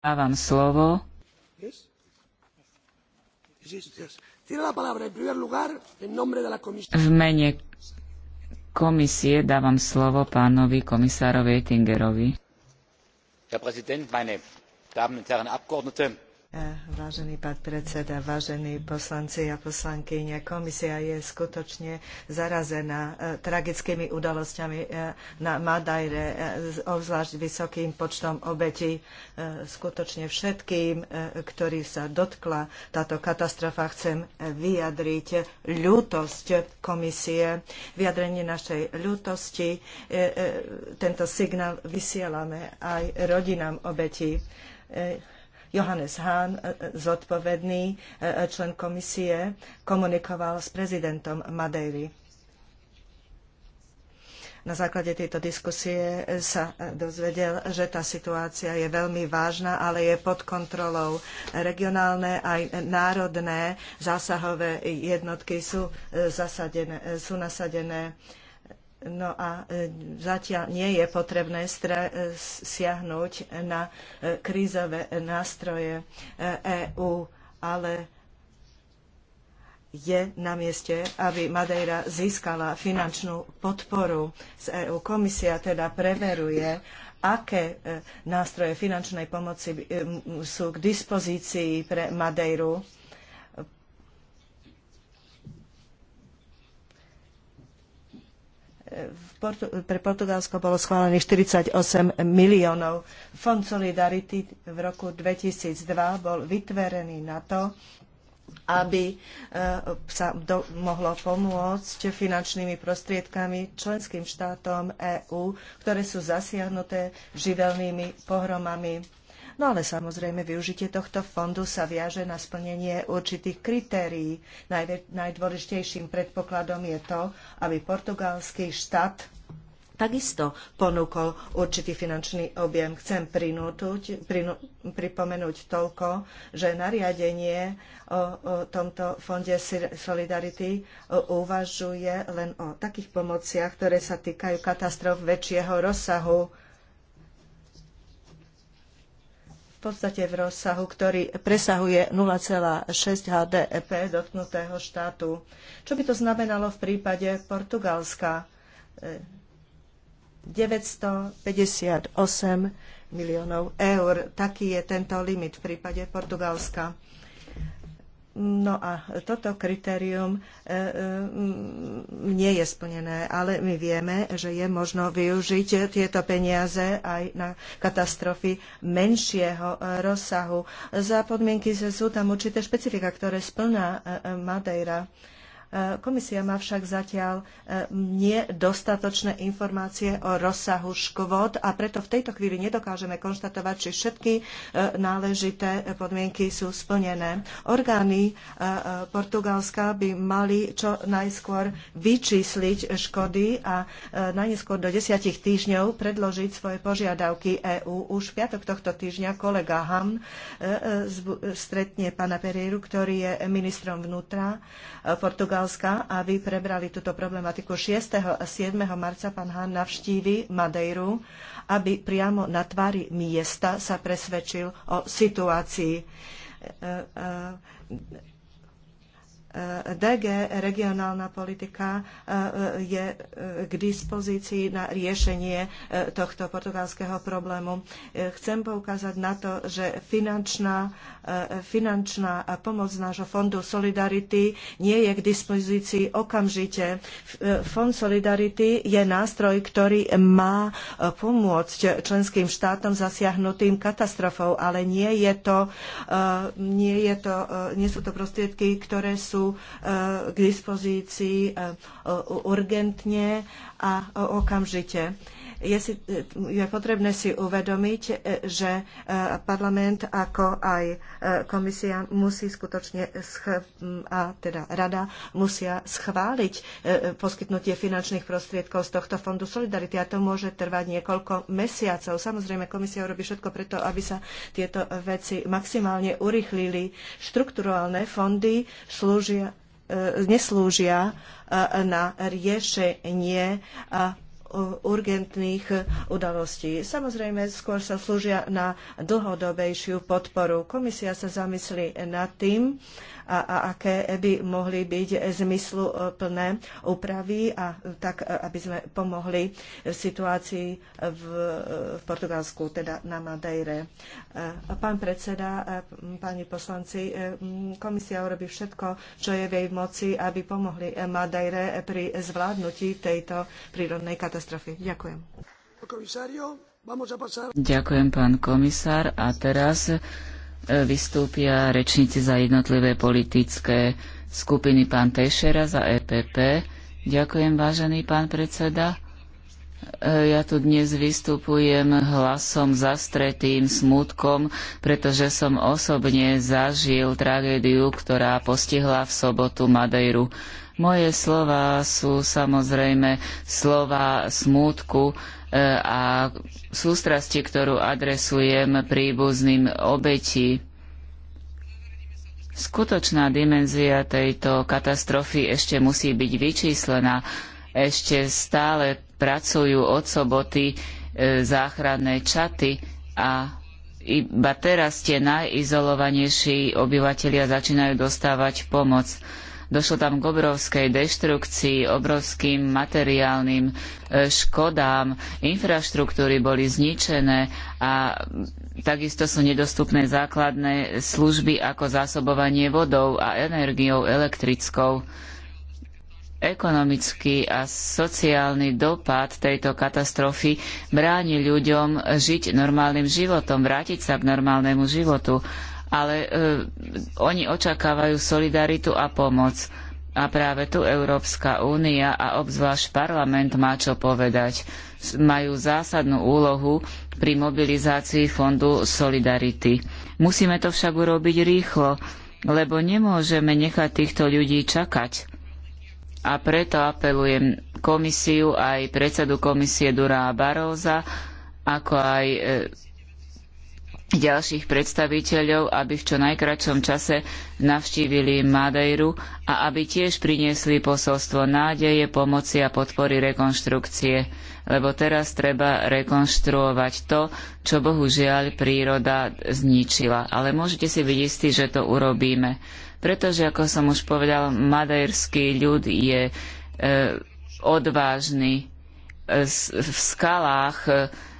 Dávam slovo. V mene komisie dávam slovo pánovi komisárovi Ettingerovi. Herr Präsident, meine Damen Eh, vážený pán predseda, vážení poslanci a poslankyne, komisia je skutočne zarazená eh, tragickými udalosťami eh, na Madajre, obzvlášť vysokým počtom obetí. Skutočne všetkým, ktorých sa dotkla táto katastrofa, chcem vyjadriť ľútosť komisie, vyjadrenie našej ľútosti. Tento signál vysielame aj rodinám obetí Johannes Hahn, e, e, zodpovedný e, člen komisie, komunikoval s prezidentom Madeiry. Na základe tejto diskusie sa dozvedel, že tá situácia je veľmi vážna, ale je pod kontrolou. Regionálne aj národné zásahové jednotky sú, zasadené, sú nasadené No a e, zatiaľ nie je potrebné e, siahnuť na e, krízové nástroje EÚ, ale je na mieste, aby Madeira získala finančnú podporu z EÚ. Komisia teda preveruje, aké nástroje finančnej pomoci sú k dispozícii pre Madeiru pre Portugalsko bolo schválených 48 miliónov. Fond Solidarity v roku 2002 bol vytverený na to, aby eh, sa do, mohlo pomôcť finančnými prostriedkami členským štátom EÚ, ktoré sú zasiahnuté živelnými pohromami No ale samozrejme využitie tohto fondu sa viaže na splnenie určitých kritérií. najdôležitejším predpokladom je to, aby portugalský štát takisto ponúkol určitý finančný objem. Chcem prinútuť, prinú, pripomenúť toľko, že nariadenie o, o tomto fonde Solidarity uvažuje len o takých pomociach, ktoré sa týkajú katastrof väčšieho rozsahu. v podstate v rozsahu, ktorý presahuje 0,6 HDP dotknutého štátu. Čo by to znamenalo v prípade Portugalska? 958 e, miliónov eur. Taký je tento limit v prípade Portugalska. No a toto kritérium e, e, nie je splnené, ale my vieme, že je možno využiť tieto peniaze aj na katastrofy menšieho e, rozsahu. Za podmienky, že sú tam určité špecifika, ktoré splná Madeira. Komisia má však zatiaľ e, nedostatočné informácie o rozsahu škôd a preto v tejto chvíli nedokážeme konštatovať, či všetky e, náležité podmienky sú splnené. Orgány e, Portugalska by mali čo najskôr vyčísliť škody a najneskôr do desiatich týždňov predložiť svoje požiadavky EÚ. Už v piatok tohto týždňa kolega Ham stretne pána Pereiru, ktorý je ministrom vnútra Portugalska Portugalska, aby prebrali túto problematiku. 6. a 7. marca pán Hahn navštívi Madeiru, aby priamo na tvári miesta sa presvedčil o situácii. DG regionálna politika je k dispozícii na riešenie tohto portugalského problému. Chcem poukázať na to, že finančná E, finančná pomoc nášho fondu Solidarity nie je k dispozícii okamžite. E, fond Solidarity je nástroj, ktorý má e, pomôcť členským štátom zasiahnutým katastrofou, ale nie, je to, nie, je to, nie sú to prostriedky, ktoré sú k dispozícii urgentne a okamžite. Je, si, je potrebné si uvedomiť, e, že e, parlament ako aj e, komisia musí skutočne a teda rada musia schváliť poskytnutie finančných prostriedkov z tohto fondu Solidarity a to môže trvať niekoľko mesiacov. Samozrejme, komisia urobí všetko preto, aby sa tieto veci maximálne urychlili. Štrukturálne fondy slúžia neslúžia na riešenie Eh, urgentných eh, udalostí. Samozrejme, skôr sa slúžia na dlhodobejšiu podporu. Komisia sa zamyslí nad tým, a, a aké by mohli byť zmyslu plné úpravy a tak, aby sme pomohli v situácii v, v Portugalsku, teda na Madeire. Pán predseda, páni poslanci, komisia urobí všetko, čo je v jej moci, aby pomohli Madeire pri zvládnutí tejto prírodnej katastrofy. Ďakujem. Ďakujem, pán komisár. A teraz E, vystúpia rečníci za jednotlivé politické skupiny pán Tešera za EPP. Ďakujem, vážený pán predseda. E, ja tu dnes vystupujem hlasom zastretým smutkom, pretože som osobne zažil tragédiu, ktorá postihla v sobotu Madejru. Moje slova sú samozrejme slova smútku e, a sústrasti, ktorú adresujem príbuzným obetí. Skutočná dimenzia tejto katastrofy ešte musí byť vyčíslená. Ešte stále pracujú od soboty e, záchranné čaty a iba teraz tie najizolovanejší obyvatelia začínajú dostávať pomoc. Došlo tam k obrovskej deštrukcii, obrovským materiálnym e, škodám, infraštruktúry boli zničené a takisto sú nedostupné základné služby ako zásobovanie vodou a energiou elektrickou. Ekonomický a sociálny dopad tejto katastrofy bráni ľuďom žiť normálnym životom, vrátiť sa k normálnemu životu ale e, oni očakávajú solidaritu a pomoc. A práve tu Európska únia a obzvlášť parlament má čo povedať. Majú zásadnú úlohu pri mobilizácii fondu Solidarity. Musíme to však urobiť rýchlo, lebo nemôžeme nechať týchto ľudí čakať. A preto apelujem komisiu aj predsedu komisie Durá Baróza, ako aj e, ďalších predstaviteľov, aby v čo najkračom čase navštívili Madejru a aby tiež priniesli posolstvo nádeje, pomoci a podpory rekonštrukcie, lebo teraz treba rekonštruovať to, čo bohužiaľ príroda zničila. Ale môžete si byť istí, že to urobíme. Pretože, ako som už povedal, madejrský ľud je e, odvážny. E, v skalách e,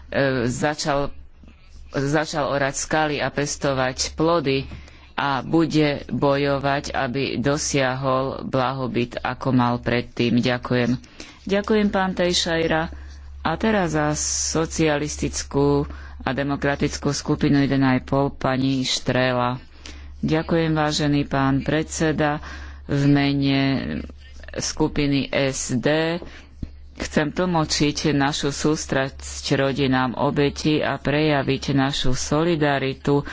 e začal začal orať skaly a pestovať plody a bude bojovať, aby dosiahol blahobyt, ako mal predtým. Ďakujem. Ďakujem, pán Tejšajra. A teraz za socialistickú a demokratickú skupinu 1,5 pani Štrela. Ďakujem, vážený pán predseda, v mene skupiny SD Chcem tlmočiť našu sústrasť rodinám obeti a prejaviť našu solidaritu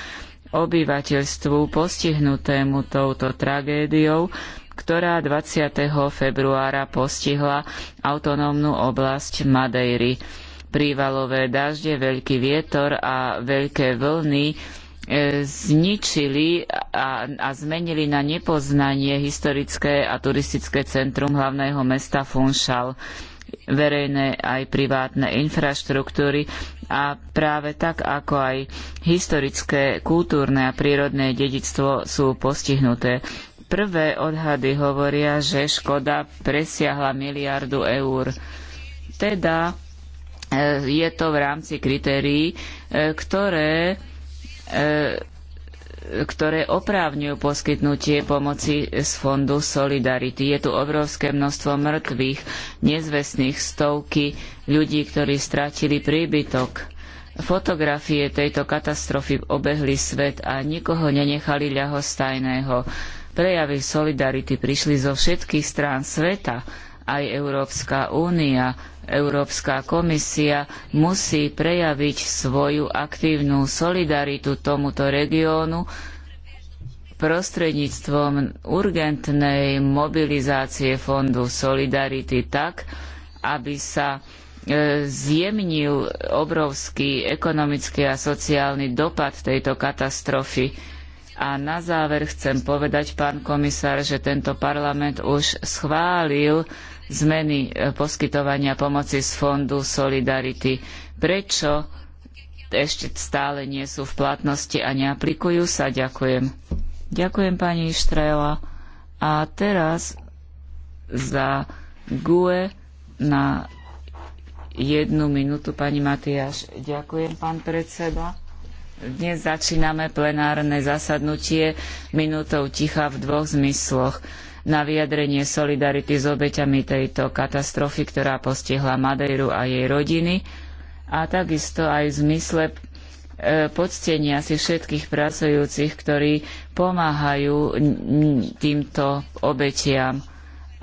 obyvateľstvu postihnutému touto tragédiou, ktorá 20. februára postihla autonómnu oblasť Madejry. Prívalové dažde, veľký vietor a veľké vlny e, zničili a, a, zmenili na nepoznanie historické a turistické centrum hlavného mesta Funchal verejné aj privátne infraštruktúry a práve tak, ako aj historické, kultúrne a prírodné dedičstvo sú postihnuté. Prvé odhady hovoria, že škoda presiahla miliardu eur. Teda e, je to v rámci kritérií, e, ktoré e, ktoré oprávňujú poskytnutie pomoci z Fondu Solidarity. Je tu obrovské množstvo mŕtvych, nezvestných stovky ľudí, ktorí stratili príbytok. Fotografie tejto katastrofy obehli svet a nikoho nenechali ľahostajného. Prejavy solidarity prišli zo všetkých strán sveta, aj Európska únia Európska komisia musí prejaviť svoju aktívnu solidaritu tomuto regiónu prostredníctvom urgentnej mobilizácie Fondu Solidarity tak, aby sa e, zjemnil obrovský ekonomický a sociálny dopad tejto katastrofy. A na záver chcem povedať, pán komisár, že tento parlament už schválil zmeny e, poskytovania pomoci z Fondu Solidarity. Prečo ešte stále nie sú v platnosti a neaplikujú sa? Ďakujem. Ďakujem pani Štrela. A teraz za GUE na jednu minútu pani Matiáš. Ďakujem, pán predseda. Dnes začíname plenárne zasadnutie minútou ticha v dvoch zmysloch na vyjadrenie solidarity s obeťami tejto katastrofy, ktorá postihla Madejru a jej rodiny a takisto aj v zmysle e, poctenia si všetkých pracujúcich, ktorí pomáhajú týmto obetiam.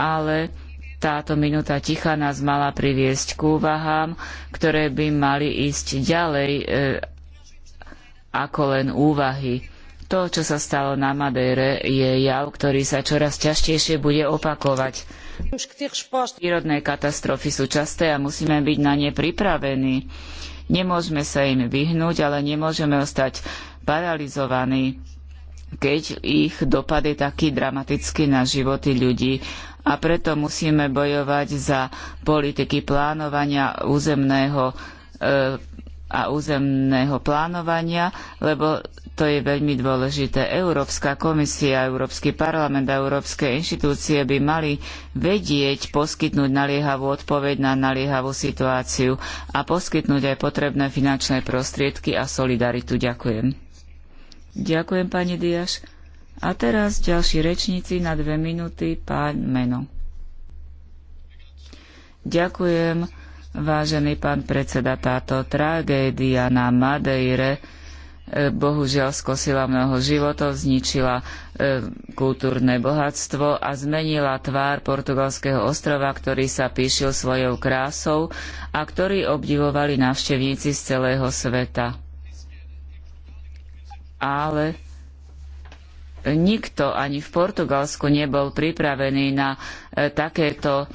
Ale táto minúta ticha nás mala priviesť k úvahám, ktoré by mali ísť ďalej e, ako len úvahy. To, čo sa stalo na Madére, je jav, ktorý sa čoraz ťažšie bude opakovať. Prírodné katastrofy sú časté a musíme byť na ne pripravení. Nemôžeme sa im vyhnúť, ale nemôžeme ostať paralizovaní, keď ich dopad je taký dramatický na životy ľudí. A preto musíme bojovať za politiky plánovania územného e, a územného plánovania, lebo to je veľmi dôležité. Európska komisia, Európsky parlament a európske inštitúcie by mali vedieť poskytnúť naliehavú odpoveď na naliehavú situáciu a poskytnúť aj potrebné finančné prostriedky a solidaritu. Ďakujem. Ďakujem, pani Diaš. A teraz ďalší rečníci na dve minúty, pán Meno. Ďakujem. Vážený pán predseda, táto tragédia na Madeire e, bohužiaľ skosila mnoho životov, zničila e, kultúrne bohatstvo a zmenila tvár portugalského ostrova, ktorý sa píšil svojou krásou a ktorý obdivovali návštevníci z celého sveta. Ale nikto ani v Portugalsku nebol pripravený na e, takéto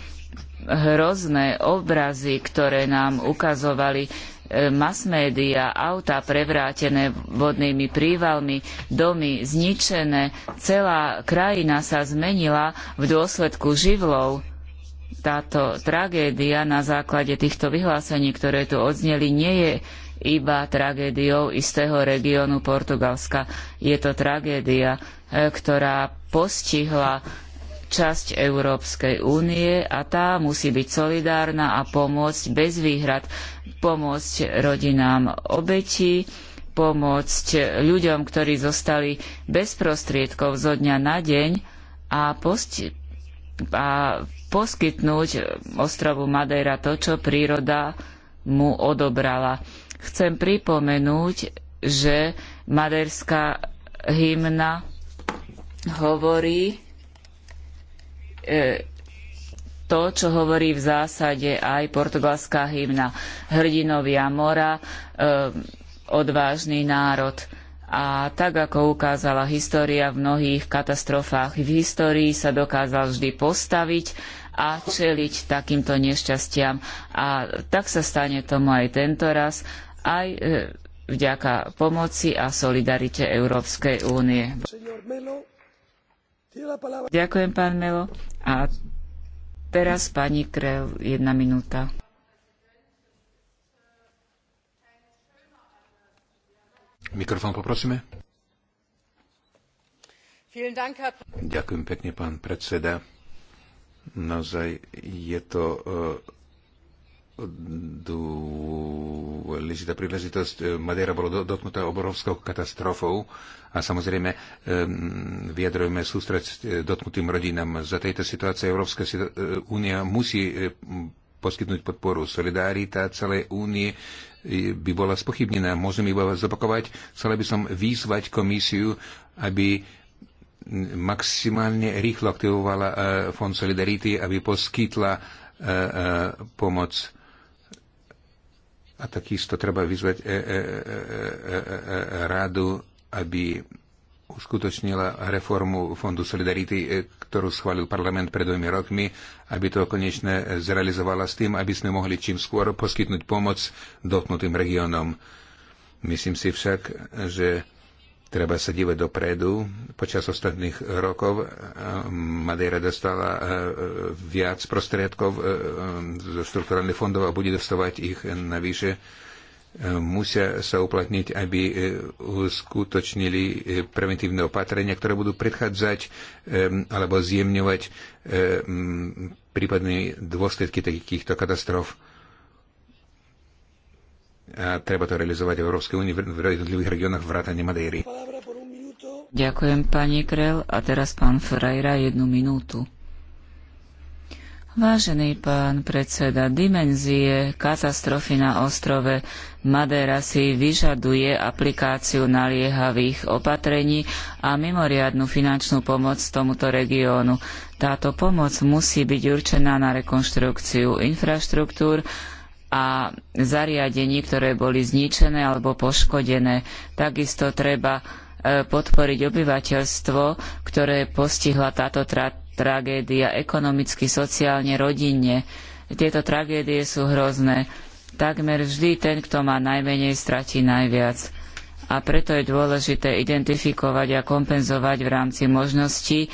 hrozné obrazy, ktoré nám ukazovali e, mass média, autá prevrátené vodnými prívalmi, domy zničené, celá krajina sa zmenila v dôsledku živlov. Táto tragédia na základe týchto vyhlásení, ktoré tu odzneli, nie je iba tragédiou istého regiónu Portugalska. Je to tragédia, e, ktorá postihla časť Európskej únie a tá musí byť solidárna a pomôcť bez výhrad, pomôcť rodinám obetí, pomôcť ľuďom, ktorí zostali bez prostriedkov zo dňa na deň a, posti- a poskytnúť ostrovu Madeira to, čo príroda mu odobrala. Chcem pripomenúť, že maderská hymna hovorí, to, čo hovorí v zásade aj portugalská hymna Hrdinovia mora, e, odvážny národ. A tak, ako ukázala história v mnohých katastrofách v histórii, sa dokázal vždy postaviť a čeliť takýmto nešťastiam. A tak sa stane tomu aj tento raz, aj e, vďaka pomoci a solidarite Európskej únie. Ďakujem, pán Melo. A teraz pani Krel, jedna minúta. Mikrofón poprosíme. Ďakujem pekne, pán predseda. Naozaj je to uh, dôležitá príležitosť. E, Madeira bola dotknutá obrovskou katastrofou a samozrejme e, vyjadrujeme sústrať e, dotknutým rodinám. Za tejto situácie Európska únia musí poskytnúť podporu. Solidarita celej únie by bola spochybnená. Môžem iba zopakovať. Chcela by som vyzvať komisiu, aby maximálne rýchlo aktivovala Fond Solidarity, aby poskytla pomoc a takisto treba vyzvať e, e, e, Radu, aby uskutočnila reformu Fondu Solidarity, ktorú schválil parlament pred dvomi rokmi, aby to konečne zrealizovala s tým, aby sme mohli čím skôr poskytnúť pomoc dotknutým regiónom. Myslím si však, že Treba sa dívať dopredu. Počas ostatných rokov eh, Madeira dostala eh, viac prostriedkov eh, zo štruktúrnych fondov a bude dostávať ich navyše. Musia sa uplatniť, aby uskutočnili preventívne opatrenia, ktoré budú predchádzať alebo zjemňovať prípadné dôsledky takýchto katastrof treba to realizovať v Európskej únii v jednotlivých regiónoch vrátane Madejry. Ďakujem, pani Krel. A teraz pán Frajra, jednu minútu. Vážený pán predseda, dimenzie katastrofy na ostrove Madeira si vyžaduje aplikáciu naliehavých opatrení a mimoriadnu finančnú pomoc tomuto regiónu. Táto pomoc musí byť určená na rekonštrukciu infraštruktúr, a zariadení, ktoré boli zničené alebo poškodené. Takisto treba e, podporiť obyvateľstvo, ktoré postihla táto tra tragédia ekonomicky, sociálne, rodinne. Tieto tragédie sú hrozné. Takmer vždy ten, kto má najmenej, stratí najviac. A preto je dôležité identifikovať a kompenzovať v rámci možností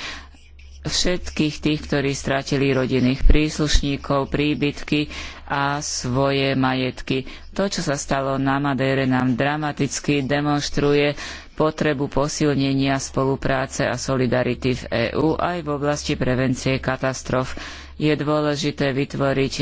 všetkých tých, ktorí stratili rodinných príslušníkov, príbytky a svoje majetky. To, čo sa stalo na Madére, nám dramaticky demonštruje potrebu posilnenia spolupráce a solidarity v EÚ aj v oblasti prevencie katastrof. Je dôležité vytvoriť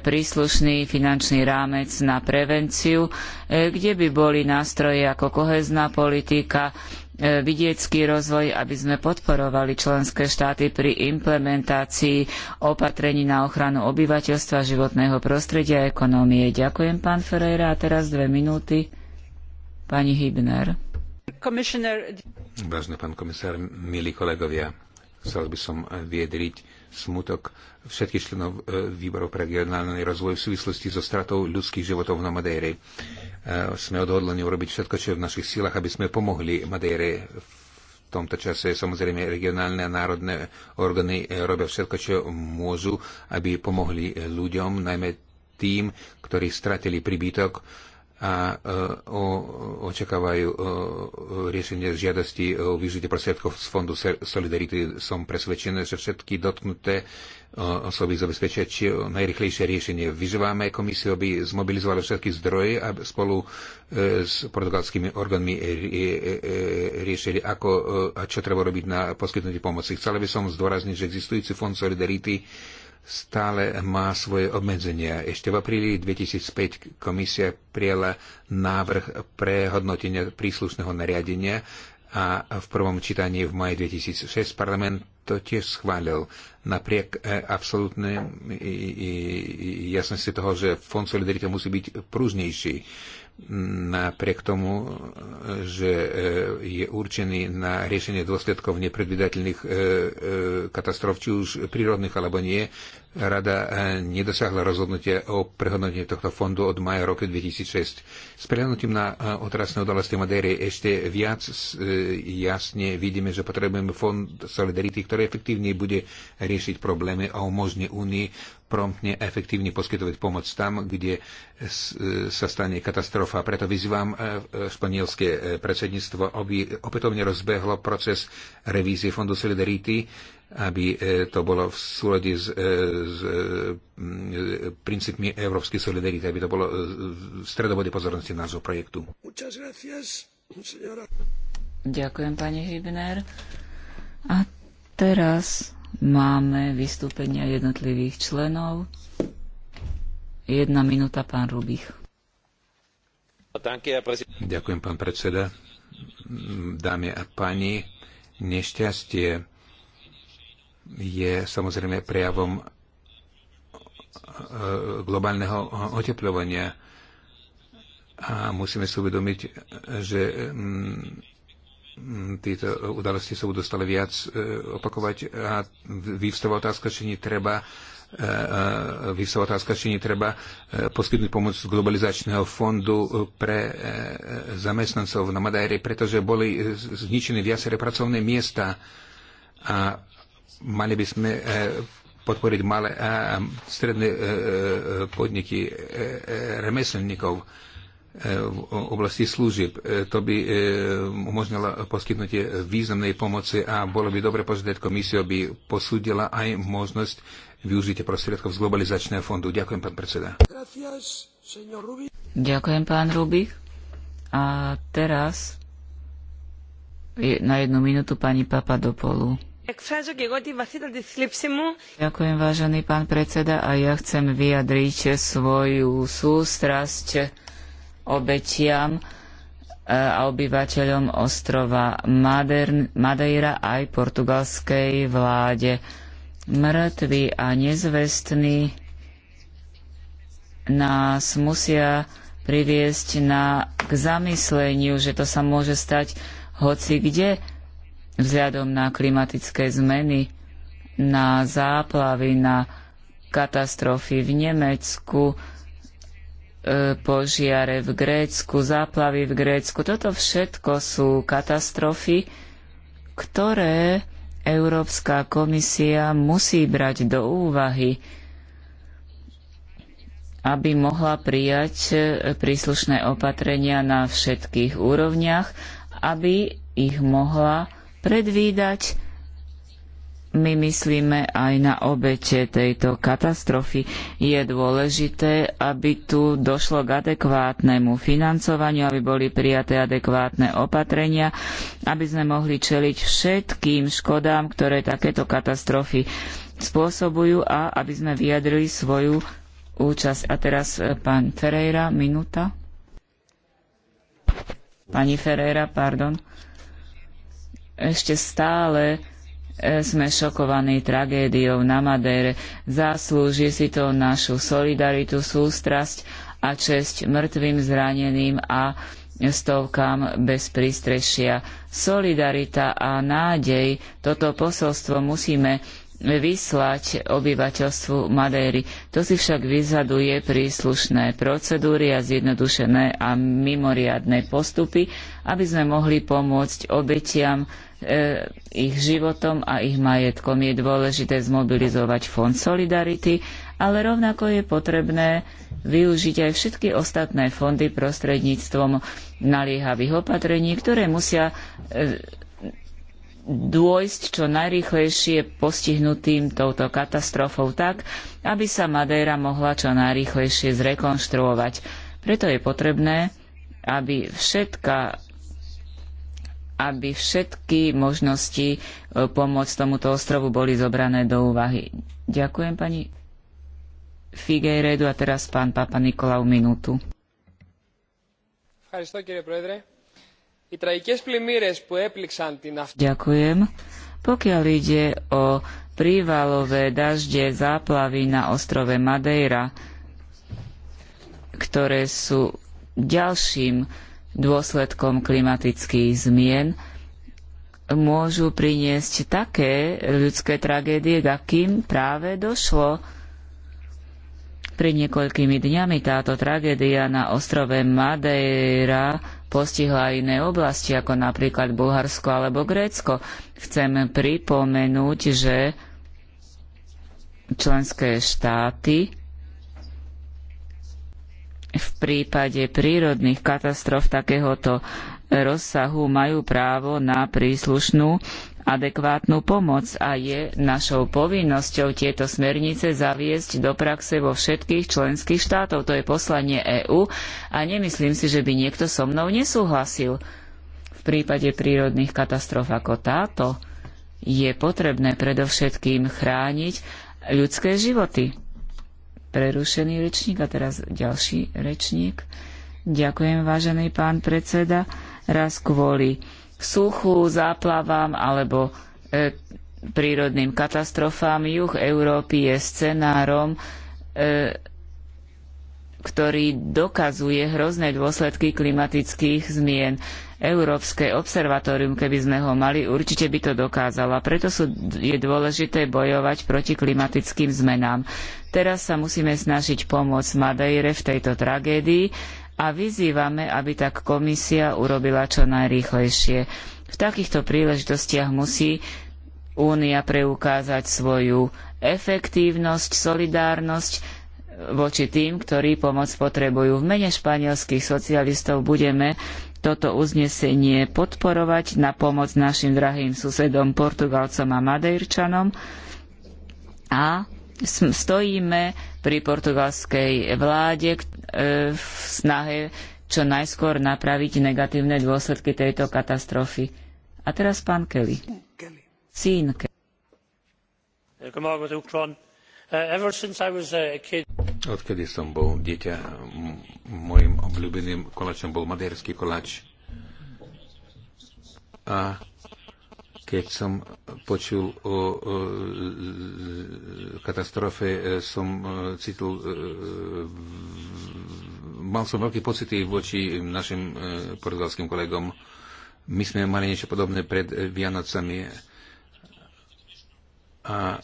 príslušný finančný rámec na prevenciu, e, kde by boli nástroje ako kohezná politika, E, vidiecký rozvoj, aby sme podporovali členské štáty pri implementácii opatrení na ochranu obyvateľstva, životného prostredia a ekonómie. Ďakujem, pán Ferreira. A teraz dve minúty. Pani Hybner. Vážne pán komisár, milí kolegovia, chcel by som viedriť smutok všetkých členov e, výborov pre regionálny rozvoj v súvislosti so stratou ľudských životov na Madejre. E, sme odhodlení urobiť všetko, čo je v našich sílach, aby sme pomohli Madejre v tomto čase. Samozrejme, regionálne a národné orgány e, robia všetko, čo môžu, aby pomohli ľuďom, najmä tým, ktorí stratili príbytok a e, očakávajú e, riešenie žiadosti o využitie prostriedkov z Fondu Solidarity. Som presvedčený, že všetky dotknuté e, osoby zabezpečia či najrychlejšie riešenie. Vyžívame komisiu, aby zmobilizovala všetky zdroje a spolu s portugalskými orgánmi riešili, ako a čo treba robiť na poskytnutie pomoci. Chcela by som zdôrazniť, že existujúci Fond Solidarity stále má svoje obmedzenia. Ešte v apríli 2005 komisia prijala návrh pre hodnotenie príslušného nariadenia a v prvom čítaní v maji 2006 parlament to tiež schválil. Napriek e, absolútne jasnosti toho, že fond Solidarity musí byť prúznejší napriek tomu, že e, je určený na riešenie dôsledkov nepredvydateľných e, e, katastrof, či už prírodných alebo nie, rada nedosiahla rozhodnutie o prehodnotení tohto fondu od maja roku 2006. S prehľadnutím na otrasné udalosti Madéry ešte viac jasne vidíme, že potrebujeme fond Solidarity, ktorý efektívne bude riešiť problémy a umožní Únii promptne a efektívne poskytovať pomoc tam, kde e, sa stane katastrofa. Preto vyzývam e, e, španielské predsedníctvo, aby opätovne rozbehlo proces revízie Fondu Solidarity, aby to bolo v súlade s, s princípmi Európskej solidarity, aby to bolo v stredobode pozornosti názvu projektu. Ďakujem, pani Hübner. A teraz Máme vystúpenia jednotlivých členov. Jedna minúta, pán Rubich. Ďakujem, pán predseda. Dámy a páni, nešťastie je samozrejme prejavom e, globálneho oteplovania a musíme si uvedomiť, že mm, tieto udalosti sa budú stále viac e, opakovať a vyvstáva otázka, či nie treba e, e, vyvstáva otázka, či nie treba poskytnúť pomoc z globalizačného fondu pre zamestnancov na Madajre, pretože boli zničené viaceré pracovné miesta a mali by sme podporiť malé a stredné podniky remeselníkov E, v oblasti služieb. E, to by e, umožnilo poskytnutie významnej pomoci a bolo by dobre požiadať komisiu, aby posúdila aj možnosť využitia prostriedkov z globalizačného fondu. Ďakujem, pán predseda. Ďakujem, pán Rubik. A teraz na jednu minútu pani Papa do polu. Ďakujem, vážený pán predseda, a ja chcem vyjadriť svoju sústrasť obetiam e, a obyvateľom ostrova Madeira aj portugalskej vláde. Mŕtvi a nezvestní nás musia priviesť na, k zamysleniu, že to sa môže stať hoci kde vzhľadom na klimatické zmeny, na záplavy, na katastrofy v Nemecku, E, požiare v Grécku, záplavy v Grécku. Toto všetko sú katastrofy, ktoré Európska komisia musí brať do úvahy, aby mohla prijať e, príslušné opatrenia na všetkých úrovniach, aby ich mohla predvídať my myslíme aj na obete tejto katastrofy. Je dôležité, aby tu došlo k adekvátnemu financovaniu, aby boli prijaté adekvátne opatrenia, aby sme mohli čeliť všetkým škodám, ktoré takéto katastrofy spôsobujú a aby sme vyjadrili svoju účasť. A teraz e, pán Ferreira, minúta. Pani Ferreira, pardon. Ešte stále sme šokovaní tragédiou na Madére. Zaslúži si to našu solidaritu, sústrasť a česť mŕtvým, zraneným a stovkám bez prístrešia. Solidarita a nádej, toto posolstvo musíme vyslať obyvateľstvu Madéry. To si však vyzaduje príslušné procedúry a zjednodušené a mimoriadne postupy, aby sme mohli pomôcť obetiam E, ich životom a ich majetkom. Je dôležité zmobilizovať fond Solidarity, ale rovnako je potrebné využiť aj všetky ostatné fondy prostredníctvom naliehavých opatrení, ktoré musia e, dôjsť čo najrýchlejšie postihnutým touto katastrofou tak, aby sa Madeira mohla čo najrýchlejšie zrekonštruovať. Preto je potrebné, aby všetka aby všetky možnosti e, pomôcť tomuto ostrovu boli zobrané do úvahy. Ďakujem pani Figueiredu a teraz pán Papa Nikolau minútu. Ďakujem. Pokiaľ ide o prívalové dažde záplavy na ostrove Madeira, ktoré sú ďalším dôsledkom klimatických zmien môžu priniesť také ľudské tragédie, k akým práve došlo. Pred niekoľkými dňami táto tragédia na ostrove Madeira postihla aj iné oblasti, ako napríklad Bulharsko alebo Grécko. Chcem pripomenúť, že členské štáty v prípade prírodných katastrof takéhoto rozsahu majú právo na príslušnú adekvátnu pomoc a je našou povinnosťou tieto smernice zaviesť do praxe vo všetkých členských štátov. To je poslanie EÚ a nemyslím si, že by niekto so mnou nesúhlasil. V prípade prírodných katastrof ako táto je potrebné predovšetkým chrániť ľudské životy prerušený rečník a teraz ďalší rečník. Ďakujem, vážený pán predseda. Raz kvôli suchu, záplavám alebo e, prírodným katastrofám juh Európy je scenárom e, ktorý dokazuje hrozné dôsledky klimatických zmien. Európske observatórium, keby sme ho mali, určite by to dokázalo. A preto sú, je dôležité bojovať proti klimatickým zmenám. Teraz sa musíme snažiť pomôcť Madeire v tejto tragédii a vyzývame, aby tak komisia urobila čo najrýchlejšie. V takýchto príležitostiach musí Únia preukázať svoju efektívnosť, solidárnosť, voči tým, ktorí pomoc potrebujú. V mene španielských socialistov budeme toto uznesenie podporovať na pomoc našim drahým susedom Portugalcom a Madejrčanom a stojíme pri portugalskej vláde e, v snahe čo najskôr napraviť negatívne dôsledky tejto katastrofy. A teraz pán Kelly. Odkedy som bol dieťa, môjim obľúbeným koláčom bol maderský koláč. A keď som počul o, o katastrofe, e, som e, cítil, e, mal som veľký pocity voči našim portugalským kolegom. My sme mali niečo podobné pred Vianocami. A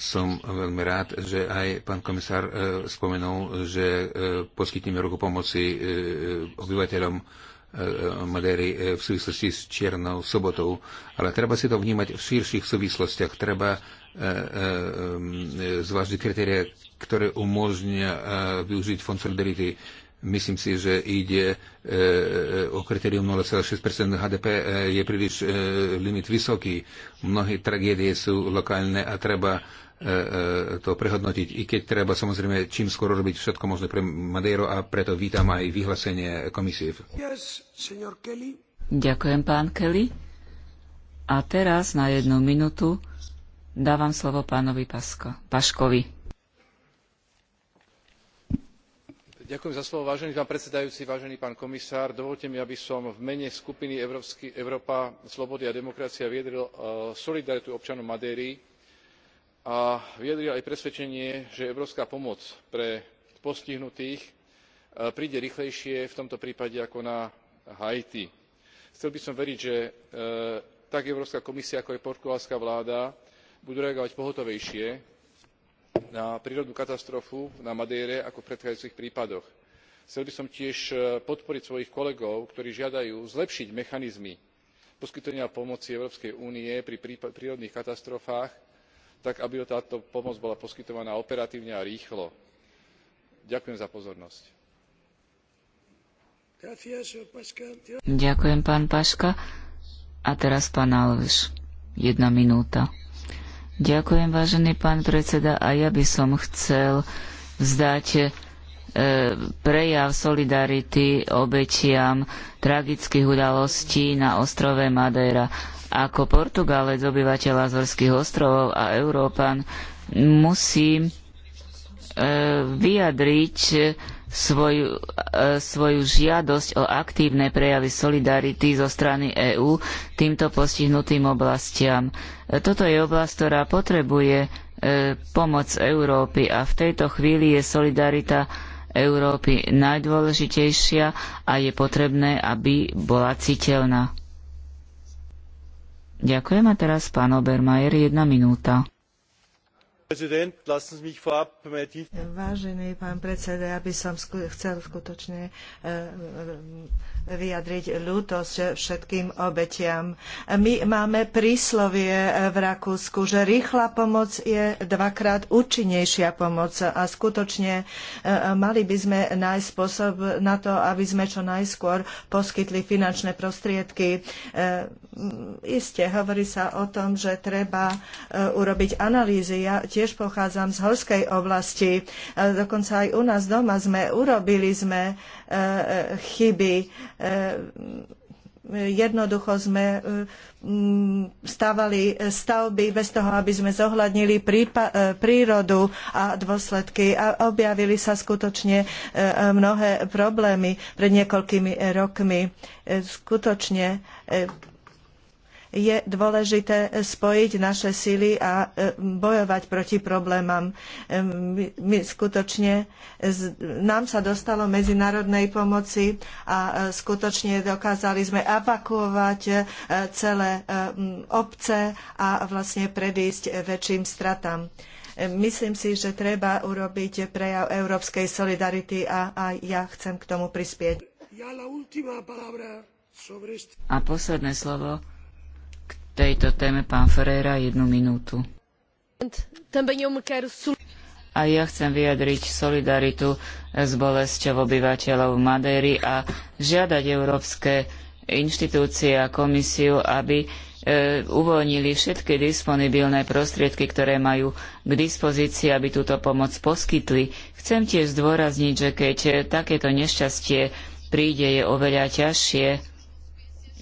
som veľmi rád, že aj pán komisár e, spomenul, že e, poskytneme ruku pomoci e, obyvateľom Madery v súvislosti s Čiernou sobotou, ale treba si to vnímať v širších súvislostiach. Treba zvážiť kritéria, ktoré umožnia využiť fond solidarity. Myslím si, že ide o kritérium 0,6 HDP, je príliš limit vysoký. Mnohé tragédie sú lokálne a treba E, e, to prehodnotiť, i keď treba samozrejme čím skôr robiť všetko možné pre Madeiro a preto vítam aj vyhlásenie komisie. Yes, Ďakujem, pán Kelly. A teraz na jednu minútu dávam slovo pánovi Pasko, Paškovi. Ďakujem za slovo, vážený pán predsedajúci, vážený pán komisár. Dovolte mi, aby som v mene skupiny Európsky, Európa, Slobody a demokracia uh, solidaritu občanom Madéry, a vyjadril aj presvedčenie že európska pomoc pre postihnutých e, príde rýchlejšie v tomto prípade ako na haiti. chcel by som veriť že e, tak európska komisia ako aj portugalská vláda budú reagovať pohotovejšie na prírodnú katastrofu na madeire ako v predchádzajúcich prípadoch. chcel by som tiež e, podporiť svojich kolegov ktorí žiadajú zlepšiť mechanizmy poskytovania pomoci európskej únie pri prírodných katastrofách tak aby táto pomoc bola poskytovaná operatívne a rýchlo. ďakujem za pozornosť. Ďakujem, pán Paška. A teraz pán Alves. Jedna minúta. Ďakujem, vážený pán predseda. A ja by som chcel vzdať e, prejav solidarity obetiam tragických udalostí na ostrove Madeira ako Portugalec, obyvateľ Azorských ostrovov a Európan musí e, vyjadriť svoju, e, svoju žiadosť o aktívne prejavy solidarity zo strany EÚ týmto postihnutým oblastiam. E, toto je oblasť, ktorá potrebuje e, pomoc Európy a v tejto chvíli je solidarita Európy najdôležitejšia a je potrebné, aby bola citeľná. Ďakujem a teraz pán Obermajer, jedna minúta. Vážený pán predseda, ja by som chcel skutočne e, e, vyjadriť ľútosť všetkým obetiam. My máme príslovie v Rakúsku, že rýchla pomoc je dvakrát účinnejšia pomoc a skutočne e, mali by sme nájsť spôsob na to, aby sme čo najskôr poskytli finančné prostriedky Isté, hovorí sa o tom, že treba e, urobiť analýzy. Ja tiež pochádzam z horskej oblasti. E, dokonca aj u nás doma sme urobili sme e, chyby. Jednoducho sme stávali stavby bez toho, aby sme zohľadnili prírodu a dôsledky. A objavili sa skutočne mnohé problémy pred niekoľkými rokmi. Skutočne je dôležité spojiť naše síly a e, bojovať proti problémom. E, my skutočne, nám sa dostalo medzinárodnej pomoci a e, skutočne dokázali sme evakuovať celé obce a vlastne predísť väčším stratám. Myslím si, že treba urobiť prejav európskej solidarity a aj ja chcem k tomu prispieť. A posledné slovo tejto téme pán Ferreira jednu minútu. A ja chcem vyjadriť solidaritu s bolesťou obyvateľov Madéry a žiadať európske inštitúcie a komisiu, aby e, uvoľnili všetky disponibilné prostriedky, ktoré majú k dispozícii, aby túto pomoc poskytli. Chcem tiež zdôrazniť, že keď takéto nešťastie príde, je oveľa ťažšie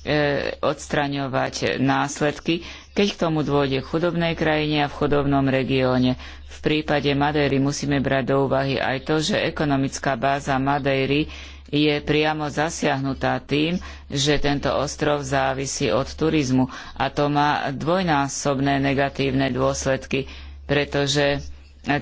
E, odstraňovať následky, keď k tomu dôjde v chudobnej krajine a v chudobnom regióne. V prípade Madejry musíme brať do úvahy aj to, že ekonomická báza Madejry je priamo zasiahnutá tým, že tento ostrov závisí od turizmu a to má dvojnásobné negatívne dôsledky, pretože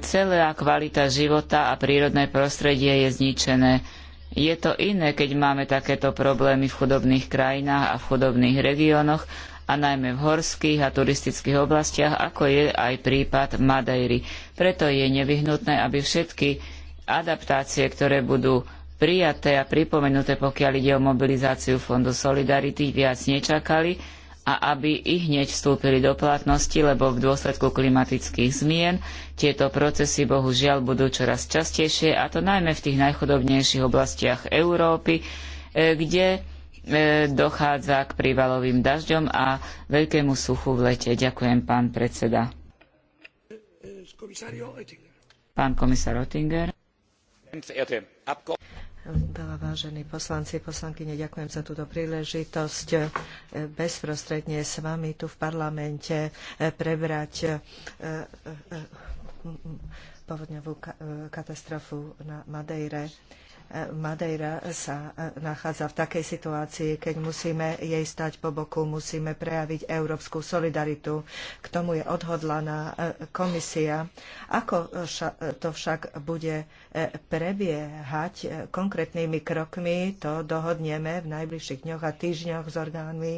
celá kvalita života a prírodné prostredie je zničené je to iné, keď máme takéto problémy v chudobných krajinách a v chudobných regiónoch a najmä v horských a turistických oblastiach, ako je aj prípad Madejry. Preto je nevyhnutné, aby všetky adaptácie, ktoré budú prijaté a pripomenuté, pokiaľ ide o mobilizáciu Fondu Solidarity, viac nečakali, a aby i hneď vstúpili do platnosti, lebo v dôsledku klimatických zmien tieto procesy bohužiaľ budú čoraz častejšie a to najmä v tých najchudobnejších oblastiach Európy, e, kde e, dochádza k prívalovým dažďom a veľkému suchu v lete. Ďakujem, pán predseda. Pán komisár Oettinger. Veľa vážení poslanci, poslankyne, ďakujem za túto príležitosť e, bezprostredne s vami tu v parlamente e, prebrať e, povodňovú katastrofu na Madejre. Madeira sa e, nachádza v takej situácii, keď musíme jej stať po boku, musíme prejaviť európsku solidaritu. K tomu je odhodlaná e, komisia. Ako to však bude e, prebiehať konkrétnymi krokmi, to dohodneme v najbližších dňoch a týždňoch s orgánmi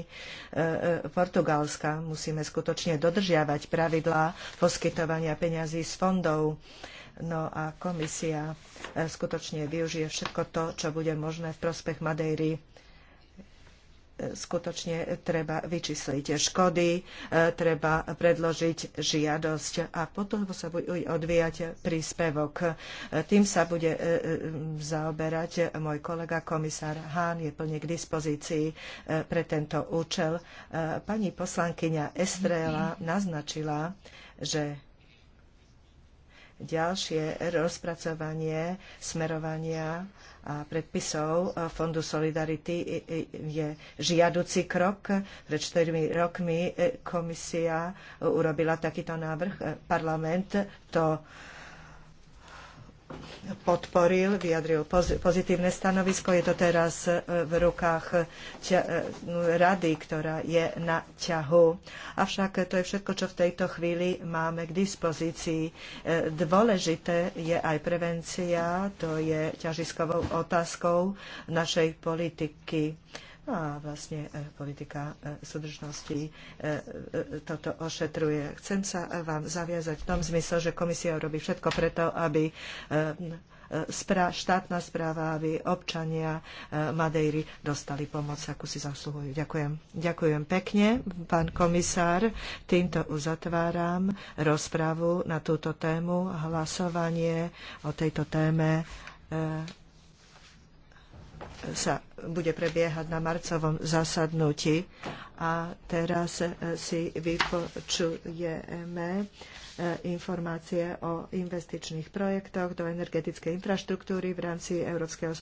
Portugalska. Musíme skutočne dodržiavať pravidlá poskytovania peňazí z fondov. No a komisia e, skutočne využije všetko to, čo bude možné v prospech Madejry e, skutočne treba vyčísliť škody, e, treba predložiť žiadosť a potom sa bude odvíjať príspevok. Tým sa bude zaoberať môj kolega komisár Hahn, je plne k dispozícii pre tento účel. Pani poslankyňa Estrela naznačila, že ďalšie rozpracovanie smerovania a predpisov e, Fondu Solidarity e, e, je žiaduci krok. Pred 4 rokmi komisia urobila takýto návrh. Parlament to podporil, vyjadril pozitívne stanovisko. Je to teraz e, v rukách e, e, rady, ktorá je na ťahu. Avšak to je všetko, čo v tejto chvíli máme k dispozícii. Dôležité je aj prevencia, to je ťažiskovou otázkou našej politiky a vlastne politika súdržnosti toto ošetruje. Chcem sa vám zaviazať v tom zmysle, že komisia robí všetko preto, aby štátna správa, aby občania e, Madejry dostali pomoc, akú si zasluhujú. Ďakujem. Ďakujem pekne, pán komisár. Týmto uzatváram rozpravu na túto tému. Hlasovanie o tejto téme e, sa bude prebiehať na marcovom zasadnutí. A teraz e, si vypočujeme E, informácie o investičných projektoch do energetickej infraštruktúry v rámci Európskeho